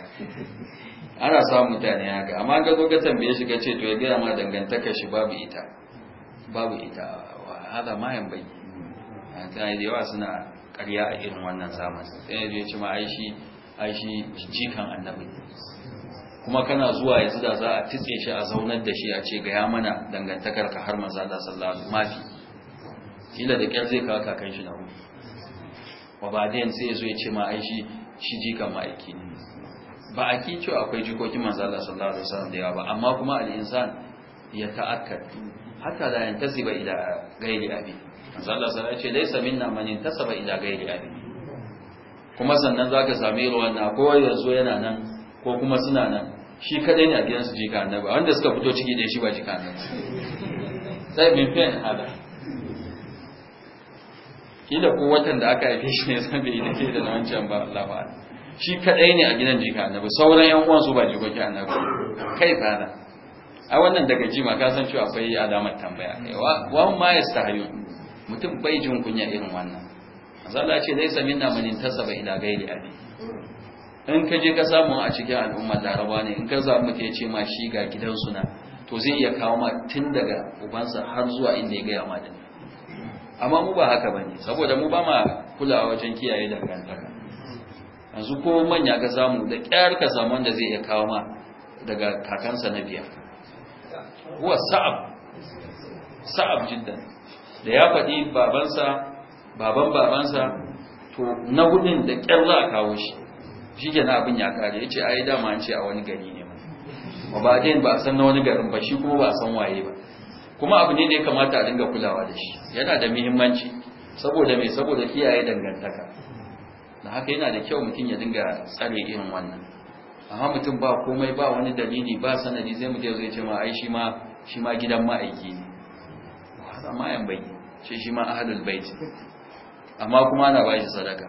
ana samun mutane haka amma ga zo ka tambaye shi ka ce to ya gaya ma dangantaka shi babu ita babu ita hada ma yan bai tana da yawa suna karya a irin wannan zamani sai da ya ce ma aishi aishi jikan annabi kuma kana zuwa yanzu da za a titse shi a zaunar da shi a ce ga ya mana dangantakar ka har manzo da sallallahu alaihi mafi kila da kyar zai kawo kakan shi na hu wa ba da sai zo ya ce ma aishi shi jikan ma'aiki ne ba a ki akwai jikokin manzo da sallallahu alaihi wasallam da yawa ba amma kuma al-insan ya ta'akkadu hatta da yantasiba ila ghairi abi manzo Allah sai ya ce laysa minna man yantasaba ila ghairi abi kuma sannan zaka same irin wannan ko yanzu yana nan ko kuma suna nan shi kadai ne a gidansu jika annabi wanda suka fito ciki da shi ba jika annabi sai min fen hada kila ko watan da aka haife shi ne san bai ke da wancan ba Allah ba shi kadai ne a gidan jika annabi sauran yan uwan su ba jikoki annabi kai fara a wannan daga jima ka san cewa akwai alamar tambaya wa ma yastahayun mutum bai jin kunya irin wannan azala ce zai sami na manin tasaba ila gairi abi in ka je ka samu a cikin al'umma laraba ne in ka samu mutum ce ma shi ga gidansu na to zai iya kawo ma tun daga ubansa har zuwa inda ya gaya ma da amma mu ba haka bane saboda mu ba ma kulawa wajen kiyaye dangantaka yanzu ko manya ka samu da kyar ka samu wanda zai iya kawo ma daga kakansa na biyar هو sa'ab sa'ab جدا da ya faɗi babansa baban babansa to na hudun da ƙyar za a kawo shi shi ke na abin ya kare ya ce a yi dama ce a wani gari ne ma ba ɗayan ba san na wani garin ba shi kuma ba san waye ba kuma abu ne da ya kamata a dinga kulawa da shi yana da muhimmanci saboda mai saboda kiyaye dangantaka da haka yana da kyau mutum ya dinga tsare irin wannan amma mutum ba komai ba wani dalili ba sanadi zai mu zai ce ma ai shi ma shi ma gidan ma'aiki ne wata mayan bai shi shi ma ahalul baiti amma kuma ana ba shi sadaka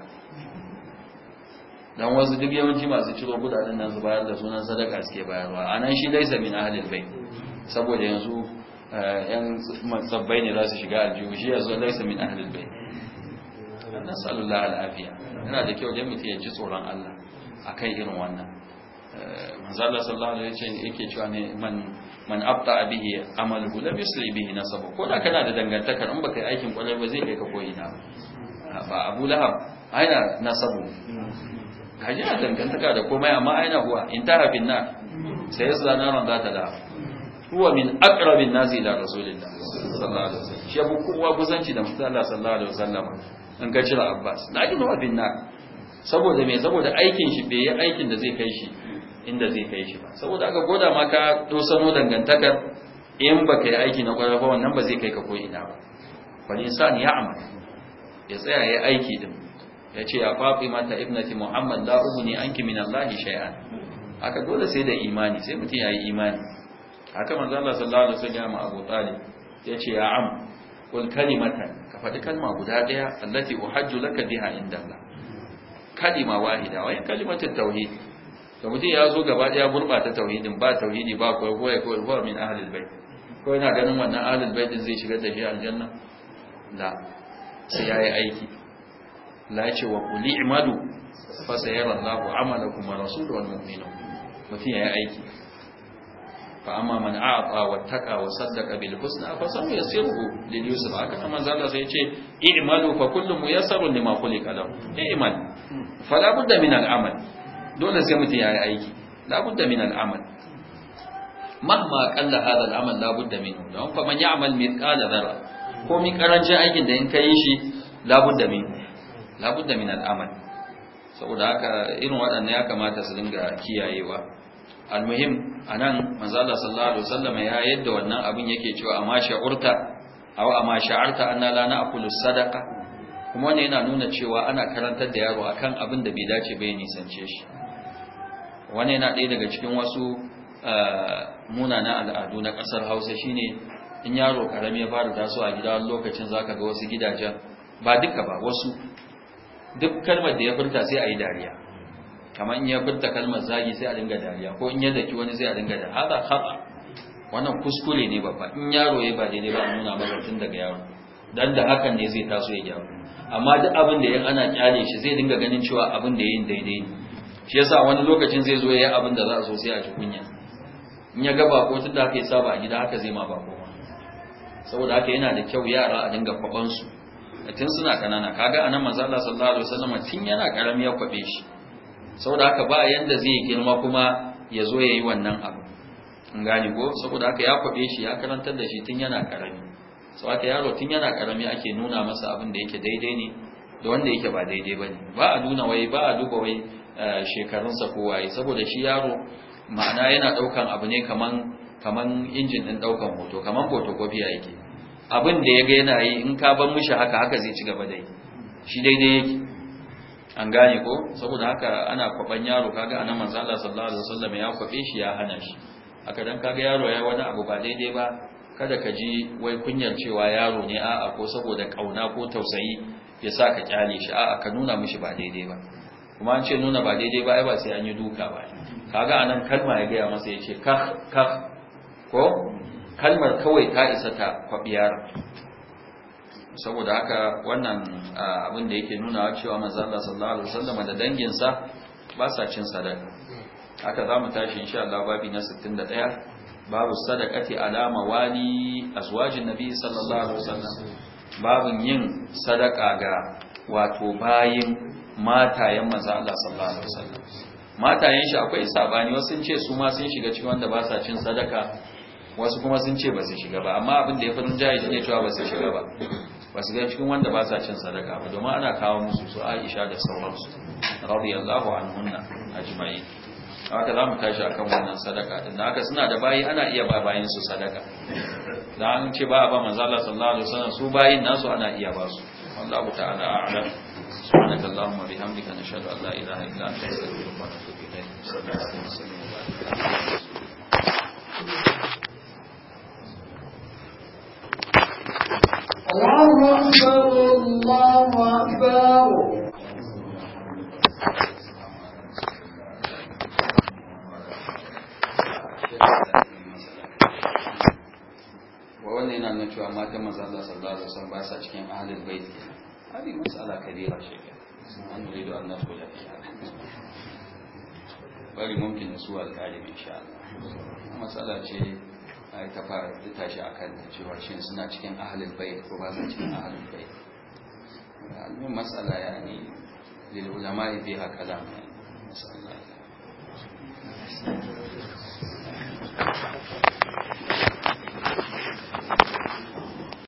dan wasu duk yawanci masu ciro kudaden nan su bayar da sunan sadaka suke bayarwa A nan shi laisa min ahalul bai. saboda yanzu eh, yan tsabbai ne za su shiga aljihu shi yanzu laisa min ahalul bait nasallallahu al'afiya yana da kyau don mutum ya ji tsoron Allah a akan irin wannan eh, manzo Allah sallallahu alaihi wasallam yake cewa ne man man abta bihi amaluhu lam yusli bihi nasabu ko da kana da dangantakar in baka yi aikin kwarai ba zai kai ka koyi na ba Abu Lahab aina nasabu kaje a dangantaka da komai amma aina huwa intaha bin nar sai yasla naran zata da huwa min aqrabin nas ila rasulillah sallallahu alaihi wasallam shi abu kowa guzanci da manzo Allah sallallahu alaihi wasallam in ka cira Abbas lakin huwa bin nar saboda me saboda aikin shi bai yi aikin da zai kai shi inda zai kai shi ba saboda aka goda ma ka tosano dangantakar in ba ka yi aiki na kwarar ba wannan ba zai kai ka ko ina ba wani insan ya amana ya tsaya ya aiki din ya ce ya fafi mata ibnati muhammad la ubni anki min allahi shay'an Aka dole sai da imani sai mutum ya yi imani haka manzo Allah sallallahu alaihi wasallam ya Abu Talib ya ce ya am kul kalimatan ka faɗi kalma guda ɗaya allati uhajju laka biha inda Allah kalima wahida wa kalimatut tauhid To mutum ya zo gaba daya gurbata tauhidin ba tauhidi ba koyi koyi koyi koyi min ahlul bait ko yana ganin wannan ahlul bait zai shiga da shi aljanna la sai yayi aiki la ce wa qul i'malu fa sayara Allahu amalakum wa rasuluhu wal mu'minun mutum yayi aiki fa amma man a'ata wa taqa wa saddaqa bil husna fa sanu yasiruhu lil yusra haka manzo Allah sai ya ce i'malu fa kullu muyassarun lima khuliqa lahu i'mal fala budda min al'amal dole sai mutum yi aiki la budda min al'amal mahma qalla hada al'amal la budda minhu don fa man ya'mal mithqala dharra ko min ƙarancin aikin da in kai shi la budda minhu la budda min al'amal saboda haka irin waɗannan ya kamata su dinga kiyayewa almuhim anan manzo Allah sallallahu alaihi wasallam ya yadda wannan abin yake cewa amma sha'urta aw amma sha'arta anna la na'kulu sadaqa kuma wannan yana nuna cewa ana karantar da yaro akan abin da bai dace bai nisance shi wannan yana ɗaya daga cikin wasu eh, munana al'adu na ƙasar hausa shine in yaro karami ya fara taso a gida lokacin zaka ga wasu gidajen ba duka ba wasu duk kalmar da ya furta sai a yi dariya kamar in ya furta kalmar zagi sai a dinga dariya ko in ya daki wani sai a dinga da hada hada wannan kuskure ne babba in yaro ya ba daidai ba a nuna masa tun daga yaro dan da hakan ne zai taso ya gyaru amma duk abin da ana kyale shi zai dinga ganin cewa abin da yayin daidai ne shi yasa wani lokacin zai zo yayi abin da za a so sai a ji kunya in ya ga bako tun da aka yi saba a gida haka zai ma bako ma saboda haka yana da kyau yara a dinga kwaban su tun suna kanana kaga anan manzo Allah sallallahu alaihi wasallam tun yana karami ya kwabe shi saboda haka ba yanda zai girma kuma ya zo yayi wannan abu in gane ko saboda haka ya kwabe shi ya karantar da shi tun yana karami sau aka yaro tun yana karami ake nuna masa abin da yake daidai ne da wanda yake ba daidai ba ne ba a nuna wai ba a duba wai eh, shekarunsa ko waye saboda shi yaro ma'ana yana ɗaukan abu ne kaman injin ɗin ɗaukan hoto kaman photocopy yake abin da ya ga yana yi in ka ban mishi haka haka zai ci gaba da yi shi daidai yake an gane ko saboda haka ana kwaban yaro kaga anan manzo Allah sallallahu alaihi wasallam ya kwabe shi ya hana shi haka dan kaga yaro ya wani abu ba daidai ba kada ka ji wai kunyar cewa yaro ne a'a ko saboda kauna ko tausayi ya sa ka kyale shi a'a ka nuna mishi ba daidai ba kuma an ce nuna ba daidai ba ai ba sai an yi duka ba kaga anan kalma ya gaya masa ya ce kah kah ko kalmar kawai ta isa ta kwabiyar yaron saboda haka wannan abin da yake nuna cewa manzo Allah sallallahu alaihi wasallam da danginsa ba sa cin sadaka haka zamu tashi insha Allah babi na 61 babu sadaqati ala mawali azwajin nabi sallallahu alaihi wasallam babun yin sadaka ga wato bayin matayen manzo Allah sallallahu alaihi wasallam matayen shi akwai sabani wasu sun ce su ma sun shiga cikin wanda ba sa cin sadaka wasu kuma sun ce ba su shiga ba amma abin da ya fadin jayi shi ne cewa ba su shiga ba ba su ga cikin wanda ba sa cin sadaka ba domin ana kawo musu su Aisha da sauransu radiyallahu anhunna ajma'in haka za mu tashi a kan wannan sadaka din da haka suna da bayi ana iya ba bayin su sadaka da an ce ba a ba manzo Allah sallallahu alaihi wasallam su bayin nasu ana iya ba su wallahu ta'ala a'lam سبحانك اللهم وبحمدك نشهد ان لا اله الا انت نستغفرك ونتوب اليك صلى الله عليه وسلم الله اكبر الله اكبر cewa matan manzo sallallahu alaihi wasallam ba sa cikin ahlul bait mas'ala ce an bari mumkin su alƙalim insha Allah mas'ala ce ai ta fara ta tashi akan cewa shin suna cikin ahlul bait ko ba sa cikin ahlul bait almin mas'ala ne lil ulama fiha kalam mas'ala Thank you.